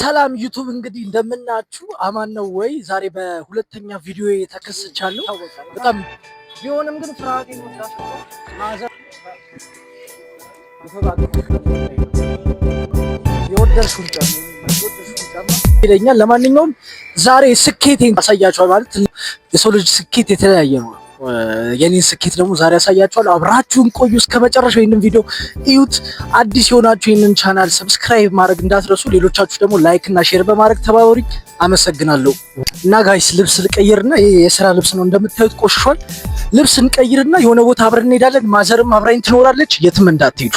ሰላም ዩቱብ እንግዲህ እንደምናችሁ አማን ነው ወይ? ዛሬ በሁለተኛ ቪዲዮ ተከስቻለሁ። በጣም ቢሆንም ግን ፍርሃት ለማንኛውም ዛሬ ስኬቴን አሳያችኋል። ማለት የሰው ልጅ ስኬት የተለያየ ነው። የኔን ስኬት ደግሞ ዛሬ ያሳያችኋል። አብራችሁን ቆዩ እስከ መጨረሻው። ይህንን ቪዲዮ እዩት። አዲስ የሆናችሁ ይህንን ቻናል ሰብስክራይብ ማድረግ እንዳትረሱ። ሌሎቻችሁ ደግሞ ላይክ እና ሼር በማድረግ ተባበሩኝ። አመሰግናለሁ። እና ጋይስ ልብስ ልቀይርና ይሄ የስራ ልብስ ነው እንደምታዩት ቆሽሿል። ልብስ እንቀይርና የሆነ ቦታ አብረን እንሄዳለን። ማዘርም አብራኝ ትኖራለች። የትም እንዳትሄዱ።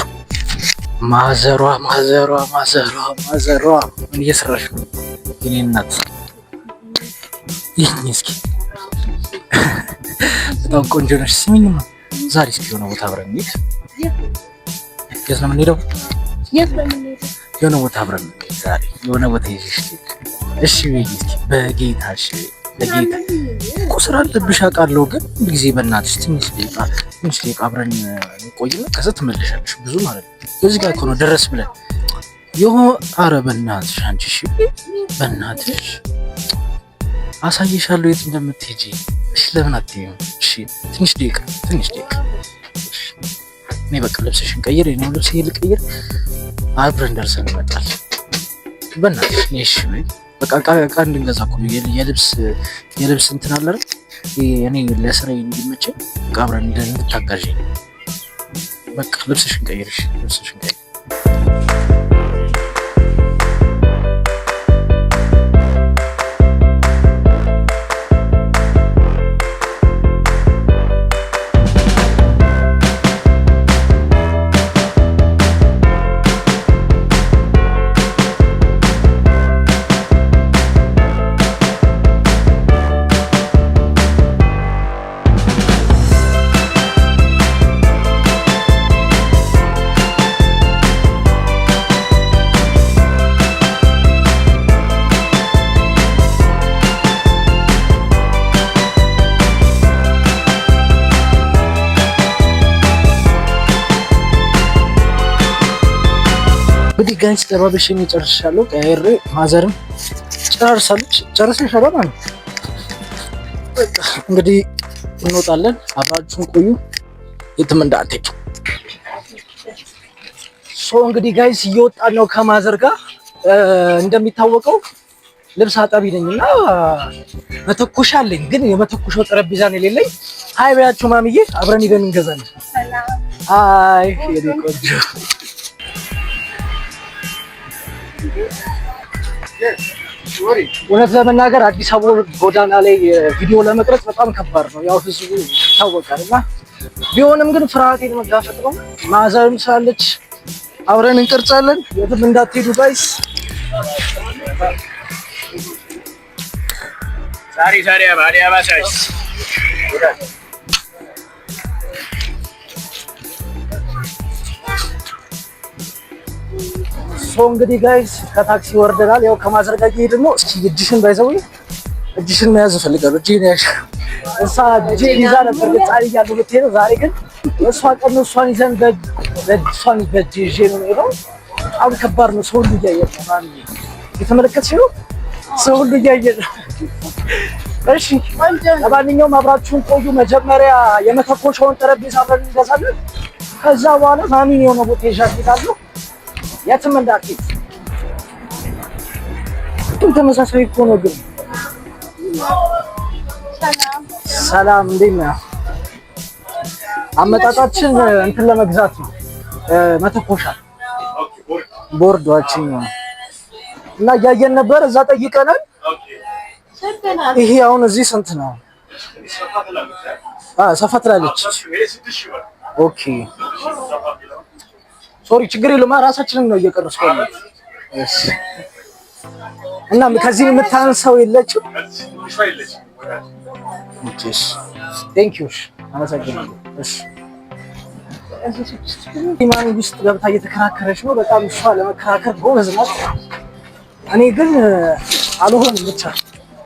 ማዘሯ ማዘሯ ማዘሯ ማዘሯ ምን እየሰራሽ ነው? እናት ይህኝ እስኪ በጣም ቆንጆ ነሽ። ስሚኝማ ዛሬ እስኪ የሆነ ቦታ አብረን እንሂድ። የት ነው የምንሄደው? የሆነ ቦታ አብረን እንሂድ። ዛሬ የሆነ ቦታ ይዤሽ ልሂድ። እሺ እስኪ በጌታ እኮ ስራ አለብሽ አውቃለሁ፣ ግን ጊዜ በእናትሽ ትንሽ ደቂቃ ትንሽ ደቂቃ አብረን እንቆይና ከዛ ትመለሻለሽ። ብዙ ማለት ነው እዚህ ጋር ደረስ ብለን በእናትሽ አንቺ እሺ በእናትሽ አሳይሻለሁ የት እንደምትሄጂ። እሺ ለምን አትይም? እሺ ትንሽ ደቂቃ ትንሽ ደቂቃ እኔ በቃ ልብስሽን ቀይር፣ ነው ልብስ ልቀይር፣ አብረን ደርሰን ይመጣል። በእናትሽ እሺ ወይ በቃ ዕቃ እንድንገዛ እኮ የልብስ የልብስ እንትን አለ አይደል? እኔ ለስራዬ እንዲመቸኝ በቃ አብረን እንድታጋዥኝ። በቃ ልብስሽን ቀይርሽ፣ ልብስሽን ቀይር ድጋሚ ስለባብሽ ጨርሻለሁ። ቀይሬ ማዘርም ጨርሳለች ጨርሰሻል ማለት ነው። እንግዲህ እንወጣለን። አብራችሁን ቆዩ፣ የትም እንዳትሄዱ። ሶ እንግዲህ ጋይስ እየወጣን ነው ከማዘር ጋር። እንደሚታወቀው ልብስ አጣቢ ነኝ እና መተኮሻ አለኝ፣ ግን የመተኮሻው ጠረጴዛ ነው የሌለኝ። ሀይ በያቸው ማምዬ፣ አብረን ሄደን እንገዛለን። አይ ቆንጆ እውነት ለመናገር አዲስ አበባ ጎዳና ላይ ቪዲዮ ለመቅረጽ በጣም ከባድ ነው። ያው ህዝቡ ይታወቃል እና ቢሆንም ግን ፍርሃቴን መጋፈጥ ነው። ማዕዛዊም ስላለች አብረን እንቀርጻለን። የትም እንዳትሄዱ ጋይስ። ሳሪ ሳሪ አባ ሳይስ ሰው እንግዲህ ጋይስ ከታክሲ ወርደናል። ያው ከማዘርጋጊ ደግሞ እስኪ እጅሽን ባይዘው እጅሽን መያዝ እፈልጋለሁ። እጅን ያሽ እሷ እጄን ይዛ ነበር ግጻሪ እያለሁ የምትሄደው። ዛሬ ግን እሷ ቀን እሷን ይዘን እሷን በእጅ ይዤ ነው የምሄደው። በጣም ከባድ ነው። ሰው ሁሉ እያየ ነው የተመለከትሽ ነው። ሰው ሁሉ እያየ ነው። እሺ ለማንኛውም አብራችሁን ቆዩ። መጀመሪያ የመተኮሻውን ጠረጴዛ አብረን እንገዛለን። ከዛ በኋላ ማሚን የሆነ ቦታ ይዣት እሄዳለሁ። የትም እንዳትሄድ። ግን ተመሳሳይ እኮ ነው። ግን ሰላም፣ እንዴት ነህ? አመጣጣችን እንትን ለመግዛት ነው መተኮሻ ቦርዷችን ነው እና እያየን ነበር እዛ ጠይቀናል። ይሄ አሁን እዚህ ስንት ነው? ሰፋ ትላለች። ኦኬ ሶሪ፣ ችግር የለውም። ራሳችንን ነው እየቀረስኩ እሺ እና ከዚህ የምታንሰው የለችም። እሺ፣ ቴንክ ዩ። እሺ፣ አመሰግናለሁ። እሺ፣ ኢማን ውስጥ ገብታ እየተከራከረች ነው። በጣም እሷ ለመከራከር ጎበዝ ናት። እኔ ግን አልሆንም። ብቻ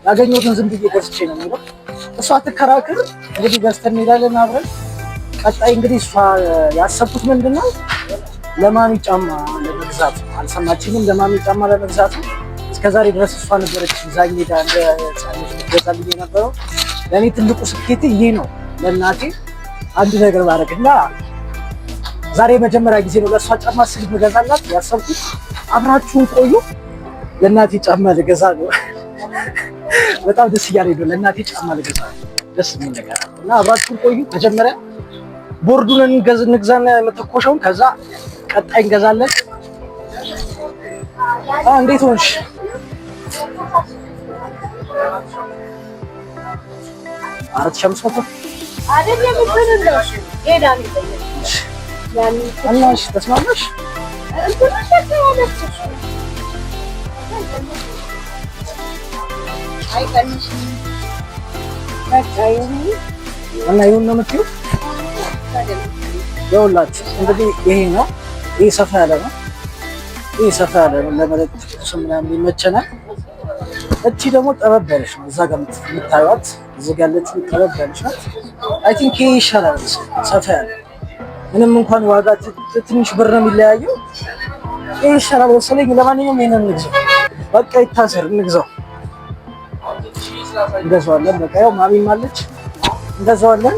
ያገኘሁትን ዝም ብዬ ገዝቼ ነው የሚለው። እሷ አትከራከር። እንግዲህ ገዝተን እንሄዳለን አብረን። ቀጣይ እንግዲህ እሷ ያሰብኩት ምንድን ነው ለማሚ ጫማ ለመግዛት ነው። አልሰማችኝም? ለማሚ ጫማ ለመግዛት እስከዛሬ ድረስ እሷ ነበረች ዛኝ ሄዳ እንደ ጻለች ምትገዛልኝ የነበረው። ለእኔ ትልቁ ስኬት ይህ ነው። ለእናቴ አንድ ነገር ማድረግ እና ዛሬ መጀመሪያ ጊዜ ነው ለእሷ ጫማ ስል ምገዛላት ያሰብኩት። አብራችሁን ቆዩ። ለእናቴ ጫማ ልገዛ ነው። በጣም ደስ እያለኝ ነው። ለእናቴ ጫማ ልገዛ ነው። ደስ የሚል ነገር እና አብራችሁን ቆዩ መጀመሪያ ቦርዱን እንግዛና የመተኮሻውን ከዛ ቀጣይ እንገዛለን። እንዴት ሆንሽ? አራት ሺህ አምስት መቶ ተስማማሽ? እና ይሁን ነው የምትይው የሁላችሁ እንግዲህ ይሄ ነው። ይህ ሰፋ ያለ ነው። ይህ ሰፋ ያለ ነው። ለመሬት ትኩስ ምናምን ይመቸናል። እቺ ደግሞ ጠበብ ያለች ነው። እዛ ጋር የምታዩት እዚህ ጋር ያለች ጠበብ ያለች ናት። አይ ቲንክ ይሄ ይሻላል። ሰፋ ያለ ምንም እንኳን ዋጋ ትንሽ ብር ነው የሚለያየው፣ ይሄ ይሻላል መሰለኝ። ለማንኛውም ይሄንን እንግዛው፣ በቃ ይታሰር፣ እንግዛው። እንገዛዋለን። በቃ ያው ማሚም አለች፣ እንገዛዋለን።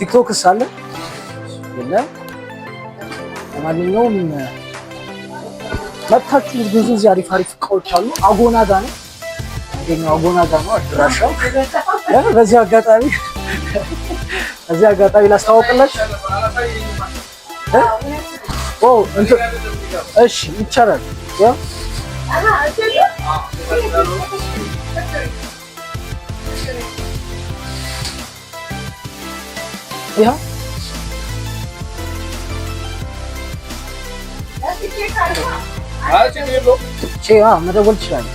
ቲክቶክስ አለ የለም? ለማንኛውም መታችሁ ብዙ እዚህ አሪፍ አሪፍ እቃዎች አሉ። አጎና ጋ ነው አጎና ጋ ነው አድራሻው። በዚህ አጋጣሚ በዚህ አጋጣሚ ላስተዋውቅላችሁ። እሺ፣ ይቻላል Ja. መደወል ትችላለህ።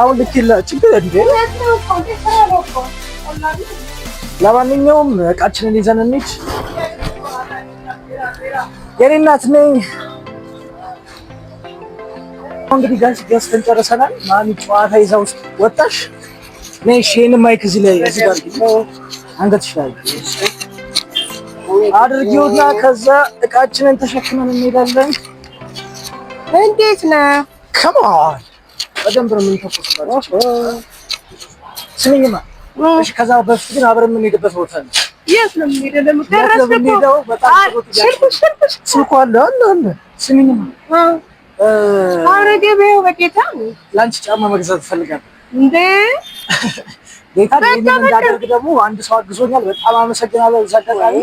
አሁን ችግር እንደ ለማንኛውም እቃችንን ይዘን እንሂድ። የኔ እናት ነኝ። እንግዲህ ጋሽ ገዝተን ጨርሰናል። ማሚ ጨዋታ ይዛ ውስጥ ወጣሽ። ነይ ሼን ማይክ እዚህ ላይ እዚህ ጋር አንገትሽ ላይ አድርጊውና ከዛ እቃችንን ተሸክመን እንሄዳለን። እንዴት ነው? ከማን በደንብ ነው የምንተኮስበት። ስሚኝማ፣ እሺ። ከዛ በፊት ግን አብረን የምንሄድበት ቦታ ነው። የት ነው የምንሄደው? ስልኩ አለ አለ። ስሚኝማ አረ ገበያው በጌታ ለአንቺ ጫማ መግዛት ፈልጋለሁ። እንዴ ጌታ እንዳደርግ ደግሞ አንድ ሰው አግዞኛል። በጣም አመሰግናለሁ። ዘጋጣሚ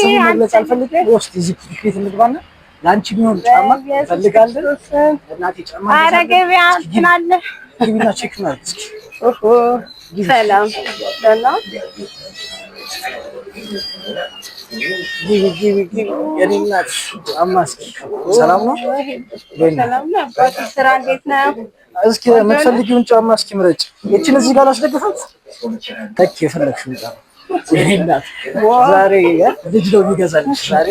ስመለጽ አልፈልገ ውስጥ እዚህ ቤት እንግባና ለአንቺ የሚሆን ጫማ ፈልጋለን። እናቴ ጫማ አረ ገበያ ትናለ ግቢና ቼክ ናርግ ሰላም ሰላም ግቢ የኔ እናት አማስኪ ሰላም ነው። እስኪ የምትፈልጊውን ጫማ እስኪ ምረጭ። እቺን እዚህ ጋር አስደግፋት። ተክ የፈለግሽውን ጫማ ዛሬ ልጅ ነው የሚገዛልሽ ዛሬ።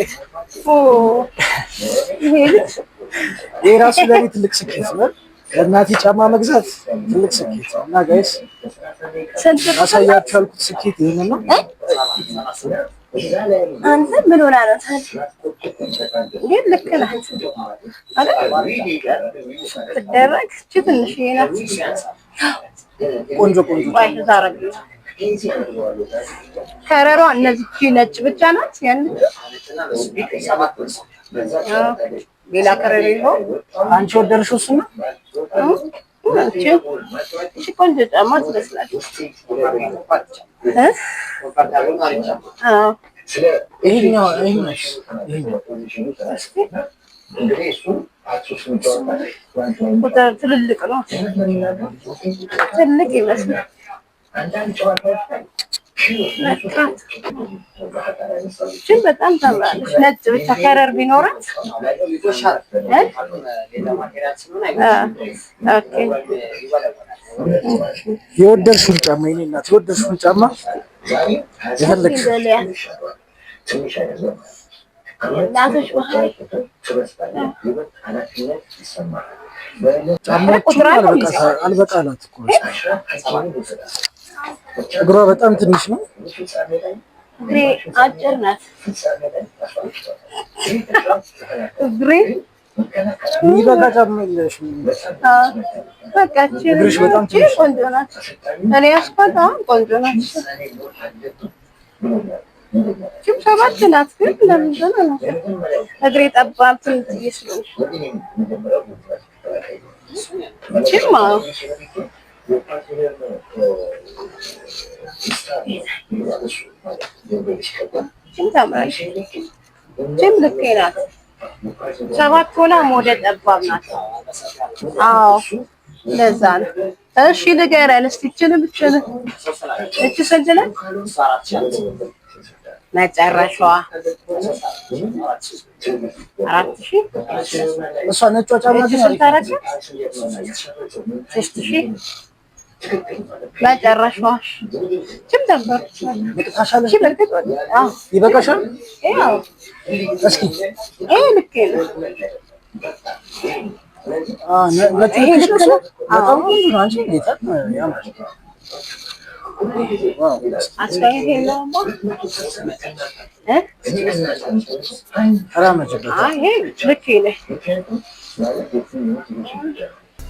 ይሄ ራሱ ለኔ ትልቅ ስኬት ነው። ለእናቴ ጫማ መግዛት ትልቅ ስኬት እና ጋይስ አሳያችሁ ያልኩት ስኬት ይህንን ነው። አንተ ምን ሆነ ነው ግን ልክ ናት ትደረግ እች ትንሽ ናት። ቆንጆ ቆንጆ ታረግ ከረሯ እነዚህ ነጭ ብቻ ናት ያን ሌላ ከረሬ አንቺ ወደድሽው? እሱማ እሺ፣ ቆንጆ ጫማ ትመስላለች። ይሄኛው ትልልቅ ነው፣ ትልቅ ይመስላል። ግን በጣም ታምራለች። ነጭ ብቻ ከረር ቢኖራት የወደድሽውን ጫማ የእኔ እናት የወደድሽውን ጫማ የፈለግሽው ጫማዎቹን አልበቃ እኮ እግሯ በጣም ትንሽ ነው። እግሬ አጭር ናት። እግሬ የሚበቃ ጫማ የለሽም። በቃ እግርሽ በጣም ትንሽ ቆንጆ ናት። እኔ ያስኳት አሁን ቆንጆ ናት። ችም ሰባት ናት ግን ለምንድን ነው እግሬ ጠባብ ትንሽ ይስሉ 하시면은 어 비싼 ጅም ልኬ ናት። ሰባት ሆና ወደ ጠባብ ናት። አዎ ለዛ ነው። እሺ ንገረን እስቲ ይችንም ይችንም እቺ ስንት ነው መጨረሻዋ? አራት ሺህ እሷ ነጯ ጫማ ስንት አደረግን? ሶስት ሺህ መጨረሻ ችም ነበር ይበቃሻል። እስኪ ይሄ ልክ ነው።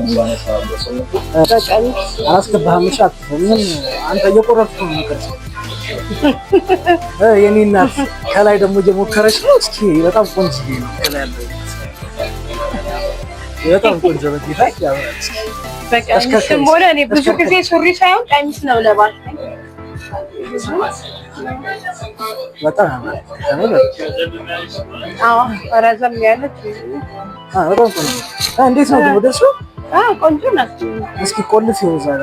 በቀን አላስገባህም። እሺ አትፈም ምን አንተ እየቆረጥኩ ነው ነገር የኔ እናት ከላይ ደግሞ እየሞከረች ነው። እስኪ በጣም ቆንጆ ነው። በጣም ቆንጆ በጌታ ያምራል። እኔ ብዙ ጊዜ ሱሪ ሳይሆን ቀሚስ ነው ለባል በጣም ረዘም ያለች እንዴት ነው ደግሞ ደሱ ቆንጆ ናቸው። እስኪ ቆልፍ ይወዛል።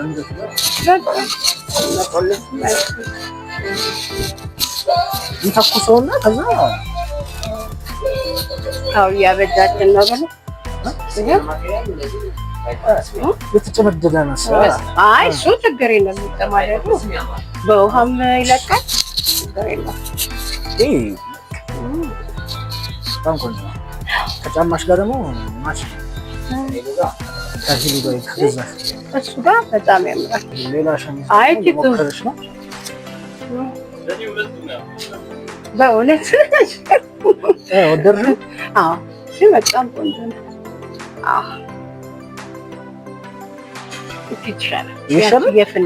ይተኩሰውና ከዛ አው እያበጃችን ነው ብለህ የተጨመደደ ነው። አይ እሱ ችግር የለም የሚጠማደዱ በውሃም ይለቃል። በጣም ቆንጆ ከጫማሽ ጋር ደግሞ ማች እሱ ጋር በጣም ያምራል። አይ በእውነት በጣም ቆንጆ ነው። ይሻላል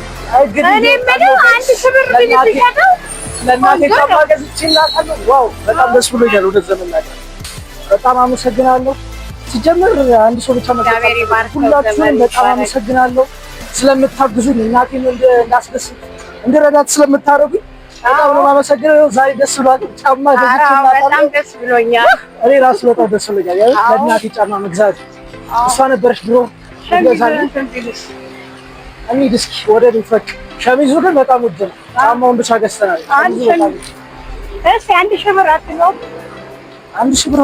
ለእናቴ ጫማ ገዝቼ ዋው በጣም ደስ ብሎኛል። ወደ ዘመን በጣም አመሰግናለሁ። ሲጀምር አንድ ሰው ብቻ ሁላችሁም በጣም አመሰግናለሁ ስለምታግዙኝ፣ እናቴን እንዳስደስት እንድረዳት ስለምታደርጉኝ በጣም ነው የማመሰግነው። ዛሬ ደስ ብሏል። ጫማ ገዝቼ ደስ ብሎኛል። እኔ ራሱ በጣም ደስ ብሎኛል። ለእናቴ ጫማ መግዛት እሷ ነበረች ድሮ ገዛለች እንሂድ እስኪ ወደ ቤት። ሸሚዙ ግን በጣም ውድ ነው። ጫማውን ብቻ ገዝተናል። አንድ ሺህ ብር በጣም ውድ ነው። አንድ ሺህ ብር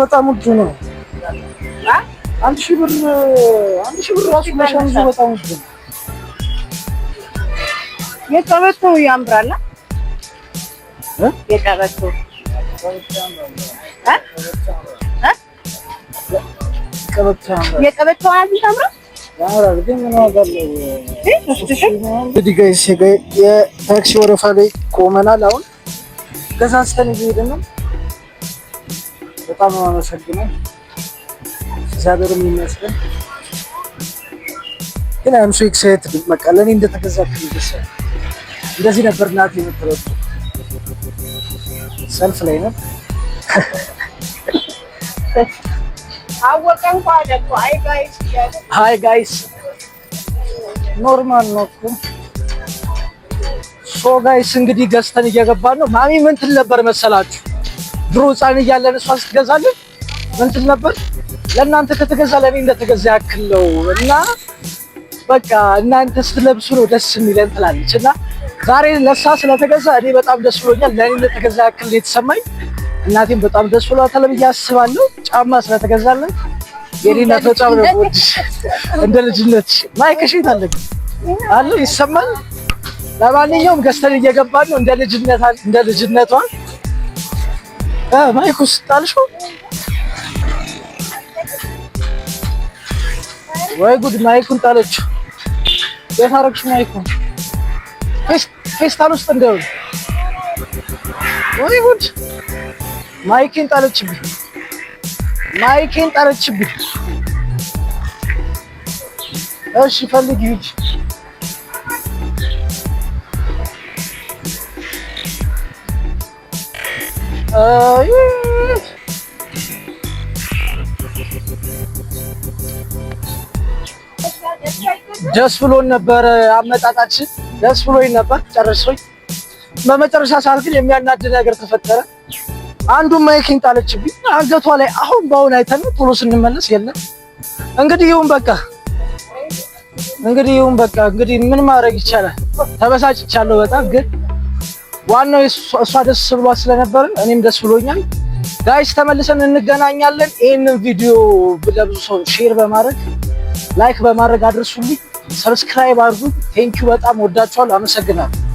አንድ ሺህ ብር ራሱ ለሸሚዙ በጣም ውድ ነው። የቀበቶ ያምራል። የቀበቶ የቀበቶ ያምራል እንግዲህ የታክሲ ወረፋ ላይ ቆመናል። አሁን ገሳስተን እየሄድን ነው። በጣም ነው እግዚአብሔር የሚመስገን። ግን አም ሶ በቃ ለእኔ እንደተገዛችሁ ይደሳል። እንደዚህ ነበር እናቴ የምትረዱ ሰልፍ ላይ ነው ሀይ ጋይስ ኖርማል ነው እኮ ሶ ጋይስ እንግዲህ ገዝተን እየገባን ነው። ማሚ ምን ትል ነበር መሰላችሁ? ድሮ ህፃን እያለን እሷ ስትገዛልን ምን ትል ነበር? ለእናንተ ከተገዛ ለእኔ እንደተገዛ ያክል ነው እና በቃ እናንተ ስትለብሱ ነው ደስ የሚለን ትላለች። እና ዛሬ ለእሷ ስለተገዛ እኔ በጣም ደስ ብሎኛል። ለእኔ እንደተገዛ ያክል ነው የተሰማኝ። እናቴም በጣም ደስ ብሏታል ብዬ አስባለሁ። ጫማ ስለተገዛለን የኔና ተጫም ነው እንደ ልጅነት ማይከሽት አለ አለ ይሰማል። ለማንኛውም ገዝተን እየገባን ነው። እንደ ልጅነት እንደ ልጅነቷ ማይኩ ስጣልሽው ወይ ጉድ! ማይኩን ጣለችው። የታረግሽ ማይኩን ፌስታል ውስጥ እንደው ወይ ጉድ! ማይኪን ጣለችብኝ። ማይኬን ጠረችብኝ። እሺ ፈልጊ ሂጂ። ደስ ብሎን ነበር አመጣጣችን፣ ደስ ብሎኝ ነበር ጨርሶኝ። በመጨረሻ ሰዓት ግን የሚያናድድ ነገር ተፈጠረ። አንዱን ማይኬን ጣለችብኝ አንገቷ ላይ። አሁን በአሁን አይተን ቶሎ ስንመለስ የለም። እንግዲህ ይሁን በቃ እንግዲህ ይሁን በቃ እንግዲህ ምን ማድረግ ይቻላል? ተበሳጭቻለሁ በጣም ግን ዋናው እሷ ደስ ብሏት ስለነበረ እኔም ደስ ብሎኛል። ጋይስ ተመልሰን እንገናኛለን። ይህንን ቪዲዮ ለብዙ ሰው ሼር በማድረግ ላይክ በማድረግ አድርሱልኝ፣ ሰብስክራይብ አድርጉ። ቴንኪው በጣም ወዳችኋል። አመሰግናለሁ።